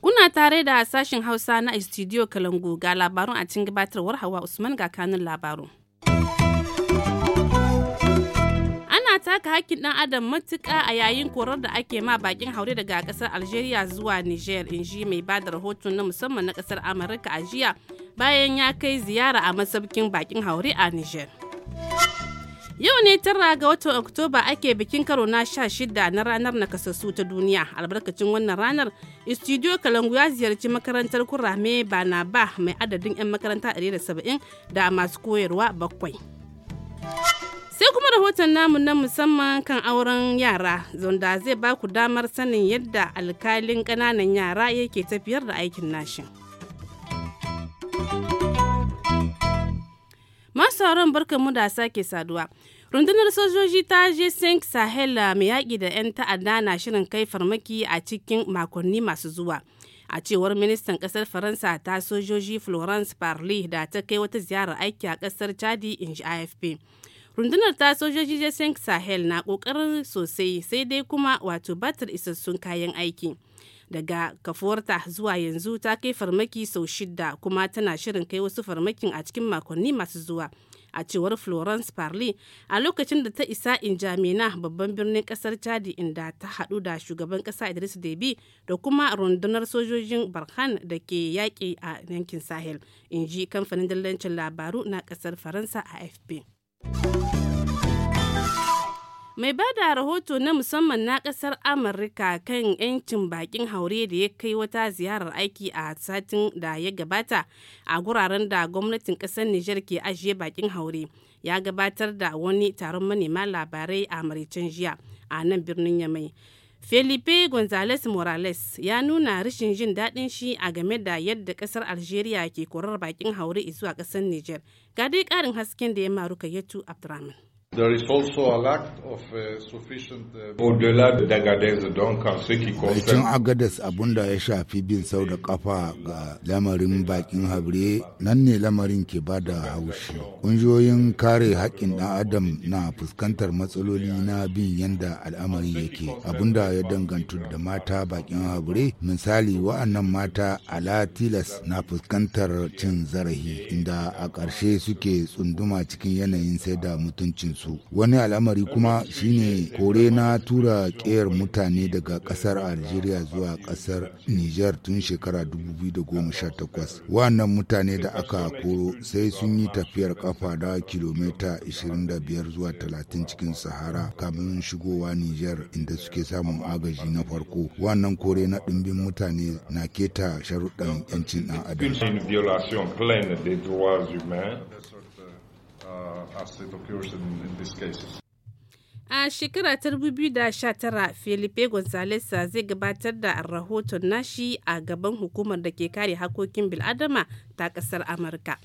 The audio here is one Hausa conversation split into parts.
Kuna tare da sashen Hausa na studio Kalangu ga labarun a cikin gabatarwar Hawa Usman ga kanun labaru Ana taka hakkin dan adam matuƙa a yayin korar da ake ma bakin haure daga kasar algeria zuwa niger in ji mai ba da rahoton na musamman na kasar amurka a jiya bayan ya kai ziyara a masabkin bakin haure a Niger. Yau ne tara ga watan Oktoba ake bikin karo na sha shida na ranar nakasassu ta duniya. Albarkacin wannan ranar, Studio Kalangu ya ziyarci makarantar kurame bana ba mai adadin 'yan makaranta 170 da masu koyarwa bakwai. sai kuma rahoton namu na musamman kan auren yara zonda zai ba ku damar sanin yadda alkalin ƙananan yara yake tafiyar da aikin nashin. sauran barkanmu da sake saduwa. Rundunar sojoji ta je Sink Sahel uh, mai yaƙi da 'yan ta'adda na shirin kai farmaki a cikin makonni masu zuwa. A cewar ministan ƙasar Faransa ta sojoji Florence Parly da ta kai wata ziyarar aiki a ƙasar Chadi in AFP. Rundunar ta sojoji je Sink Sahel na ƙoƙarin sosai sai dai kuma wato batar isassun kayan aiki. daga kafuwarta zuwa yanzu ta kai farmaki sau shida kuma tana shirin kai wasu farmakin a cikin makonni masu zuwa a cewar florence parley a lokacin da ta isa injamina babban birnin kasar chadi inda ta hadu da shugaban kasa idris debi da kuma rundunar sojojin barhan da ke yaƙi a yankin sahel in ji kamfanin dillancin labaru na kasar faransa a afp mai ba da rahoto na musamman na kasar amurka kan 'yancin bakin haure da ya kai wata ziyarar aiki a satin da ya gabata a guraren da gwamnatin kasar Nijar ke ajiye bakin haure ya gabatar da wani taron manema labarai a maricin jiya a nan birnin yamai felipe gonzales morales ya nuna rashin jin daɗin shi a game da yadda ƙasar algeria ke korar bakin haure zuwa ƙasar niger ga dai ƙarin hasken da ya maruka yatu abdurrahman There is also a lack of uh, sufficient odela don kansu ki agadas abun da ya shafi bin sau da kafa ga lamarin bakin habre nan ne lamarin ke ba da haushi. Kungiyoyin kare haƙƙin ɗan adam na fuskantar matsaloli na bin yanda al'amari yake abunda ya danganta da mata bakin habre misali wa'annan mata ala tilas na fuskantar cin zarafi inda a ƙarshe suke tsunduma cikin yanayin sai da mutuncinsu. su wani al'amari kuma shine kore na tura ƙeyar mutane daga ƙasar algeria zuwa ƙasar niger tun shekara 2018 wannan mutane da aka koro sai sun yi tafiyar kafa da kilomita 25 zuwa 30 cikin sahara kamin shigowa niger inda suke samun agaji na farko wannan kore na ɗimbin mutane na keta sharuɗan 'yancin ɗan adam Uh, a shekara ta 2019, Felipe Gonzalez zai gabatar da rahoton nashi a gaban hukumar da ke kare hakokin bil'adama ta kasar Amurka.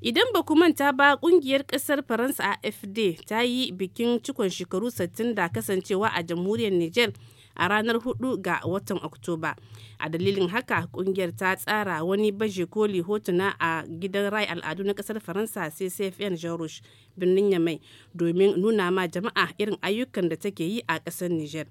Idan ba ku manta ba kungiyar ƙasar Faransa AFD ta yi bikin cikon shekaru 60 da kasancewa a jamhuriyar Nijar a ranar 4 ga watan Oktoba. A dalilin haka kungiyar ta tsara wani baje koli hotuna a gidan rai al'adu na kasar Faransa CCFN Jean Rouge birnin Yamai domin nuna ma jama'a irin ayyukan da take yi a kasar Niger.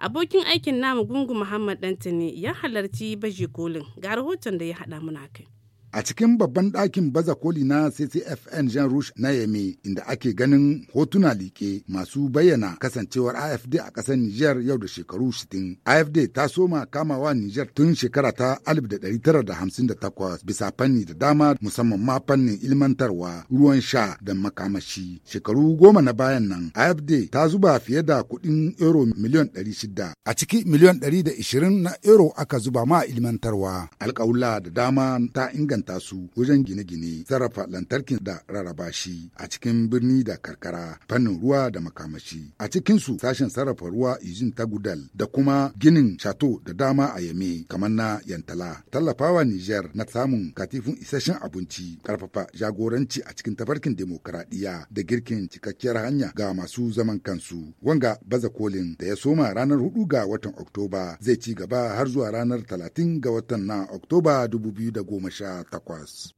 Abokin aikin namu Gungu Muhammad Dantani ya halarci baje kolin ga rahoton da ya haɗa muna kai. a cikin babban ɗakin baza koli na ccfn jean rouge na yame inda ake ganin hotuna liƙe masu bayyana kasancewar afd a ƙasar niger yau da shekaru 60 afd ta soma kamawa niger tun shekara ta 1958 bisa fanni da dama musamman ma fannin ilmantarwa ruwan sha da makamashi shekaru goma na bayan nan afd ta zuba fiye da kuɗin euro miliyan 600 a ciki miliyan 120 na euro aka zuba ma ilmantarwa alƙawula da dama ta inganta inganta su wajen gine-gine sarrafa lantarkin da rarraba shi a cikin birni da karkara fannin ruwa da makamashi a cikin su sashen sarrafa ruwa izin tagudal da kuma ginin shato da dama a yame kamar na yantala tallafawa niger na samun katifin isasshen abinci karfafa jagoranci a cikin tafarkin demokaradiyya da girkin cikakkiyar hanya ga masu zaman kansu wanga baza kolin da ya soma ranar hudu ga watan oktoba zai ci gaba har zuwa ranar talatin ga watan na oktoba 2019 takwas.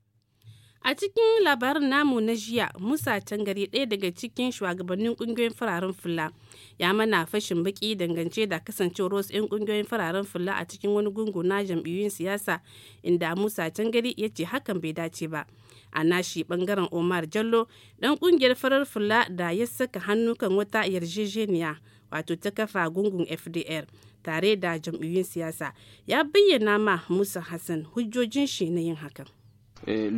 A cikin labarin namu na jiya, Musa tangari ɗaya daga cikin shugabannin ƙungiyoyin fararen fula ya mana fashin baki dangance da kasancewar wasu 'yan ƙungiyoyin fararen fula a cikin wani gungu na jam'iyyun siyasa inda Musa tangari ya ce hakan bai dace ba. A nashi ɓangaren Omar Jallo, ɗan ƙungiyar farar fula da ya saka hannu kan wata yarjejeniya wato ta kafa gungun FDR. tare da jam'iyyun siyasa ya bayyana ma musa hassan hujjojin shi na yin hakan Eh,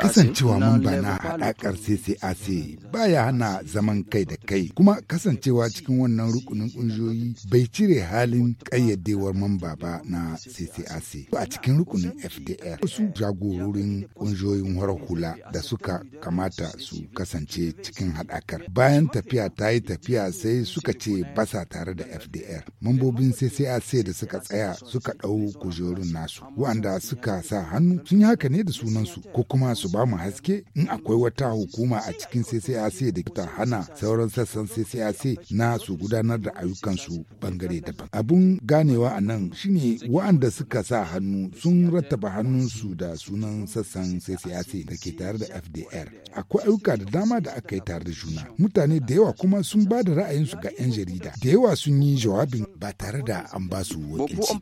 kasancewa mamba na haɗakar CCAC baya hana zaman kai da kai kuma kasancewa cikin wannan rukunin ƙungiyoyi bai cire halin ƙayyadewar mamba ba na CCAC. A cikin rukunin FDR wasu jagororin ƙungiyoyin horar hula da suka kamata su kasance cikin haɗakar. Bayan tafiya ta yi tafiya sai suka ce basa tare da FDR. Mambobin CCAC da suka tsaya suka ɗau kujerun nasu waɗanda suka sa hannu sun yi haka ne da sunansu ko kuma su ba mu haske in akwai wata hukuma a cikin CCAC da ta hana sauran sassan CCAC na su gudanar da ayyukan su bangare daban. Abun ganewa a nan shine wa'anda suka sa hannu sun rattaba hannunsu da sunan sassan CCAC da ke tare da FDR. Akwai ayyuka da dama da aka yi tare da juna. Mutane da yawa kuma sun ba da ra'ayinsu ga 'yan jarida. Da yawa sun yi jawabin ba tare da an ba su wakilci.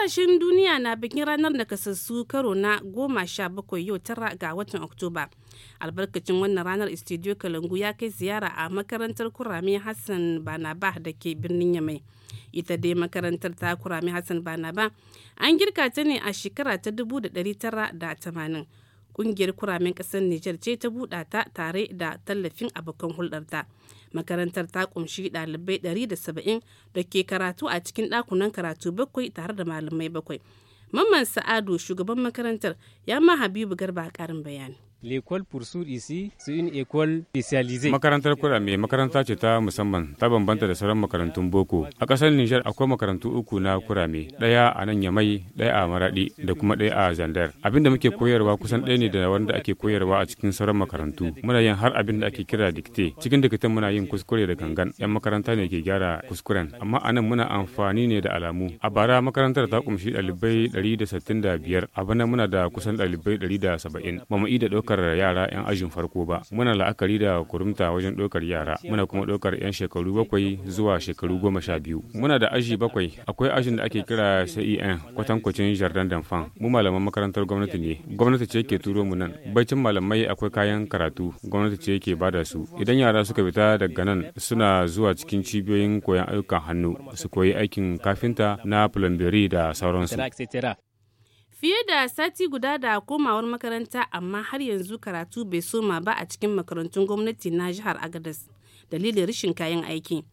Kasashen duniya na bikin ranar nakasassu karo na goma sha bakwai yau tara ga watan Oktoba. Albarkacin wannan ranar Studio Kalangu ya kai ziyara a makarantar Kurame Hassan Banaba da ke birnin Yamai. Ita dai makarantar ta Kurame Hassan Banaba an girka ta ne a shekara ta dubu da da tara tamanin. kungiyar kuramen kasar Nijar ce ta buɗa ta tare da tallafin abokan hulɗarta. Makarantar ta kunshi ɗalibai 170 da ke karatu a cikin ɗakunan karatu bakwai tare da malamai bakwai. Mamman Sa'adu shugaban makarantar ya ma Habibu Garba ƙarin bayani. L'école Poursour ici, c'est une école spécialisée. Makarantar kura kurame makaranta ce ta musamman ta bambanta da sauran makarantun boko. A kasar Nijar akwai makarantu uku na kura kurame, daya a nan Yamai, daya a Maradi da kuma daya a Zandar. Abin da muke koyarwa kusan ɗaya ne da wanda ake koyarwa a cikin sauran makarantu. Muna yin har abin da ake kira dikte. Cikin dikitan muna yin kuskure da gangan. Yan makaranta ne ke gyara kuskuren. Amma a nan muna amfani ne da alamu. A bara makarantar ta kumshi ɗalibai 165, a bana muna da kusan ɗalibai 170. Ba mu da ɗaukar yara 'yan ajin farko ba muna la'akari da kurumta wajen ɗaukar yara muna kuma ɗaukar 'yan shekaru bakwai zuwa shekaru goma sha biyu muna da aji bakwai akwai ajin da ake kira cen kwatankwacin jardin damfan mu malaman makarantar gwamnati ne gwamnati ce ke turo mu nan baccin malamai akwai kayan karatu gwamnati ce ke bada su idan yara suka fita daga nan suna zuwa cikin cibiyoyin koyon ayyukan hannu su koyi aikin kafinta na plumberi da sauransu Fiye da sati guda da komawar makaranta amma har yanzu karatu bai soma ba a cikin makarantun gwamnati na jihar Agadas dalilin rashin kayan aiki.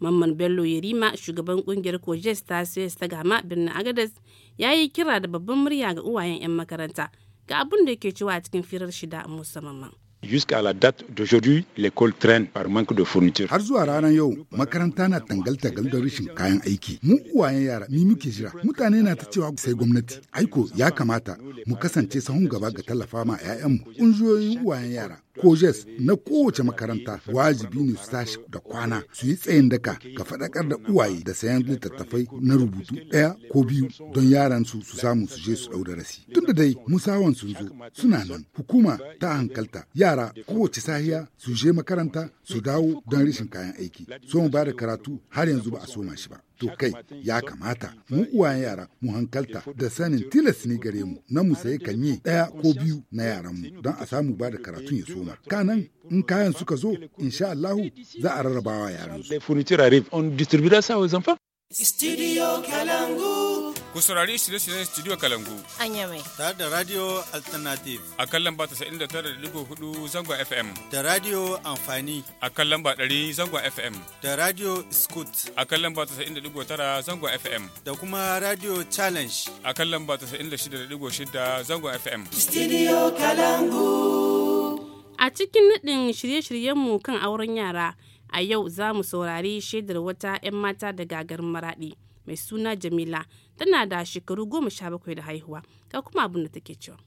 Mamman Bello Yerima shugaban kungiyar Kojes ta ta gama birnin Agadas ya yi kira da babban murya ga uwayen 'yan makaranta ga abin da yake cewa a cikin firar shida musamman. Jusqu'à la date d'aujourd'hui, l'école traîne par manque de fourniture. Har zuwa ranar yau, makaranta na tangal-tangal don rashin kayan aiki. Mu uwayen yara, ni muke jira. Mutane na ta cewa sai gwamnati. Aiko ya kamata mu kasance sahun gaba ga tallafa ma 'ya'yanmu. Ƙungiyoyin uwayen yara ko jes na kowace makaranta wajibi ne su tashi da kwana su yi tsayin daka ga faɗakar da uwaye da sayan littattafai na rubutu ɗaya ko biyu don yaran su su samu su je su ɗau darasi da dai musawan sun zo suna nan hukuma ta hankalta yara kowace sahiya su je makaranta su dawo don rashin kayan aiki so mu ba da karatu har yanzu ba a soma shi ba To kai ya kamata mu uwayen yara mu hankalta da sanin tilas ne gare mu na mu sayi kanye ɗaya ko biyu na yaran mu don a samu ba da karatun ya soma. Kanan in kayan suka zo insha Allahu za a rarrabawa yaran su. Ku saurari shirye-shiryen Studio Kalangu. an yame Tare da Radio Alternative. A kan lamba hudu zangon FM. Da Radio Amfani. A kan lamba 100 zangon FM. Da Radio Scoot. A kan lamba tara zangon FM. Da kuma Radio Challenge. A kan lamba 96.6 zangon FM. Studio Kalangu. A cikin naɗin shirye-shiryenmu kan auren yara, a yau za mu saurari shaidar wata 'yan mata daga garin Maraɗi. mai suna jamila tana da shekaru goma sha bakwai da haihuwa ga kuma abin da take cewa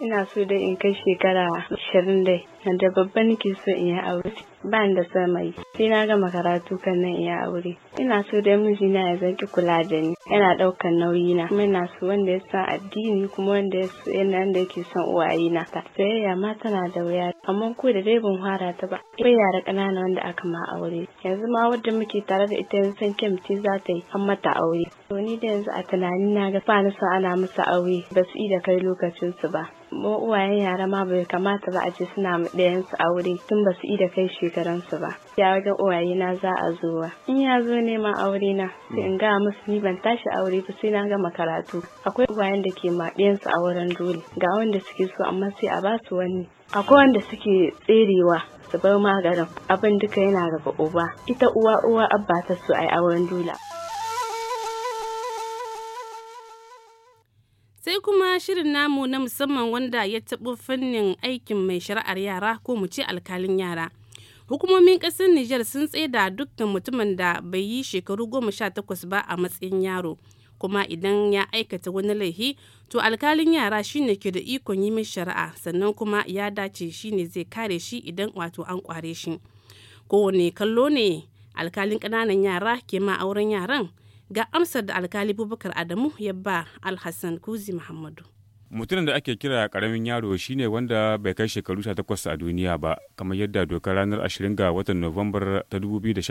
ina so dai in kai shekara ashirin dai da babban nake so in yi aure ba ni da samayi sai na gama karatu kan nan in yi aure ina so dai mijina ya zanki kula da ni yana ɗaukan nauyi na kuma ina so wanda ya san addini kuma wanda ya so yana da yake son uwaye na ta soyayya ma tana da wuya amma ko da dai ban fara ta ba akwai yara ƙanana wanda aka ma aure yanzu ma wadda muke tare da ita yanzu san kyam ce za ta yi an mata aure to ni da yanzu a tunani na ga ba na so ana musu aure ba su yi da kai lokacinsu ba mu uwayen yara ma bai kamata ba a ce suna ɗayansu aure tun ba su yi da kai shekaransu ba ya ga uwaye na za a zuwa in ya zo neman aure na sai in ga musu ni ban tashi aure ba sai na gama karatu akwai uwayen da ke ma ɗayansu auren dole ga wanda suke so amma sai a ba su wani akwai wanda suke tserewa su bar maganin abin duka yana daga uba ita uwa uwa abba ta so ai auren dole sai kuma shirin namu na musamman wanda ya taɓo fannin aikin mai shari'ar yara ko mu ce alkalin yara hukumomin ƙasar Nijar sun tsaida dukkan mutumin da bai yi shekaru goma sha takwas ba a matsayin yaro kuma idan ya aikata wani laifi to alkalin yara shine ke da ikon yi min shari'a sannan kuma ya dace shine zai kare shi idan wato an kware shi kowane kallo ne alkalin ƙananan yara ke ma auren yaran ga amsar da alkali bubakar adamu ya ba alhassan kuzi muhammadu mutumin da ake kira karamin yaro shine wanda bai kai shekaru 18 a duniya ba kamar yadda dokar ranar 20 ga watan nuwambar ta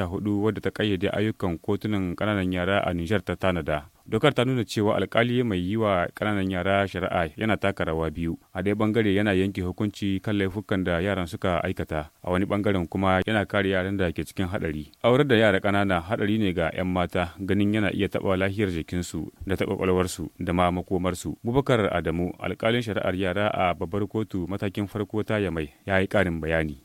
hudu wadda ta kayyade ayyukan kotunan kananan yara a nijar ta tanada dokar ta nuna cewa alkali mai yi wa kananan yara shari'a yana taka rawa biyu a ɗaya bangare yana yanke hukunci kan laifukan da yaran suka aikata a wani bangaren kuma yana kare yaran da ke cikin haɗari aurar da yara ƙanana haɗari ne ga 'yan mata ganin yana iya taɓa lahiyar jikinsu da taɓa ƙwaƙwalwarsu da ma makomarsu bubakar adamu alkalin shari'ar yara a babbar kotu matakin farko ta yamai ya yi ƙarin bayani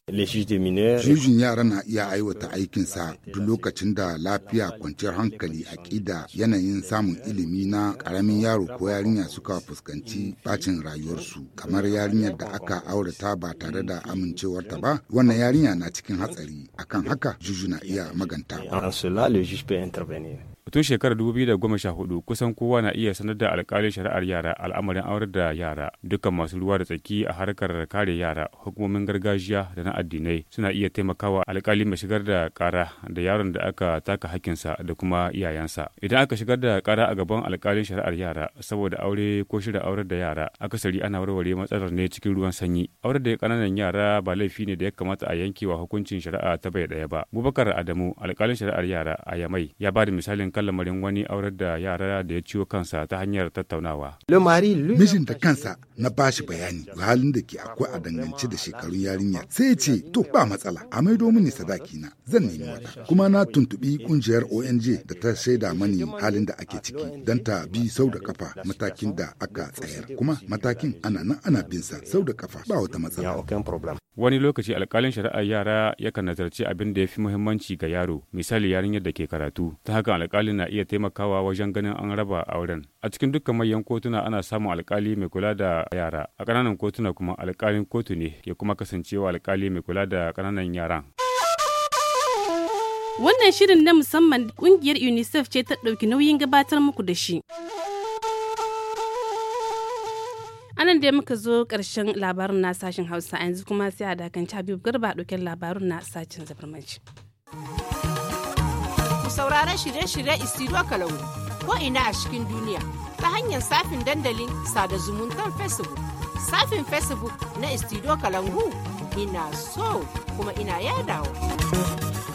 jujin yara na iya aiwata aikinsa duk lokacin da lafiya kwanciyar hankali aƙida yanayin samun samun ilimi na karamin yaro ko yarinya suka fuskanci bacin rayuwarsu kamar yarinyar da aka aurata ba tare da amincewarta ba wannan yarinya na cikin hatsari akan haka juju na iya maganta. tun shekarar 2014 kusan kowa na iya sanar da alkalin shari'ar yara al'amarin aurar da yara dukkan masu ruwa da tsaki a harkar kare yara hukumomin gargajiya da na addinai suna iya taimakawa alkali mai shigar da kara da yaron da aka taka hakinsa da kuma iyayensa idan aka shigar da kara a gaban alkalin shari'ar yara saboda aure ko shirin aurar da yara akasari ana warware matsalar ne cikin ruwan sanyi aurar da kananan yara ba laifi ne da ya kamata a yankewa hukuncin shari'a ta bai daya ba bubakar adamu alkalin shari'ar yara a yamai ya ba misalin kan lamarin wani aurar da yara da ya ciwo kansa ta hanyar tattaunawa. Mijin da kansa na bashi bayani ga halin da ke akwai a dangance da shekarun yarinya sai ce to ba matsala a maido mini sadaki na zan nemi wata kuma na tuntubi kungiyar ONG da ta shaida mani halin da ake ciki dan ta bi sau da kafa matakin da aka tsayar kuma matakin ana nan ana bin sa sau da kafa ba wata matsala. wani lokaci alkalin shari'ar yara yakan nazarci abin da ya fi muhimmanci ga yaro misali yarinyar da ke karatu ta haka alkalin na iya taimakawa wajen ganin an raba auren a cikin dukkan manyan kotuna ana samun alkali mai kula da yara a ƙananan kotuna kuma alkalin kotu ne ke kuma kasancewa alkali mai kula da ƙananan yaran wannan shirin na musamman ƙungiyar unicef ce ta ɗauki nauyin gabatar muku da shi anan dai muka zo karshen labarin na sashen hausa yanzu kuma sai a dakanci habibu garba dokin labarun na sashen zabarmanci ku saurara shirye-shirye istiro kalangu ko ina a cikin duniya ta hanyar safin dandalin sada zumuntar facebook safin facebook na istiro kalangu ina so kuma ina yadawa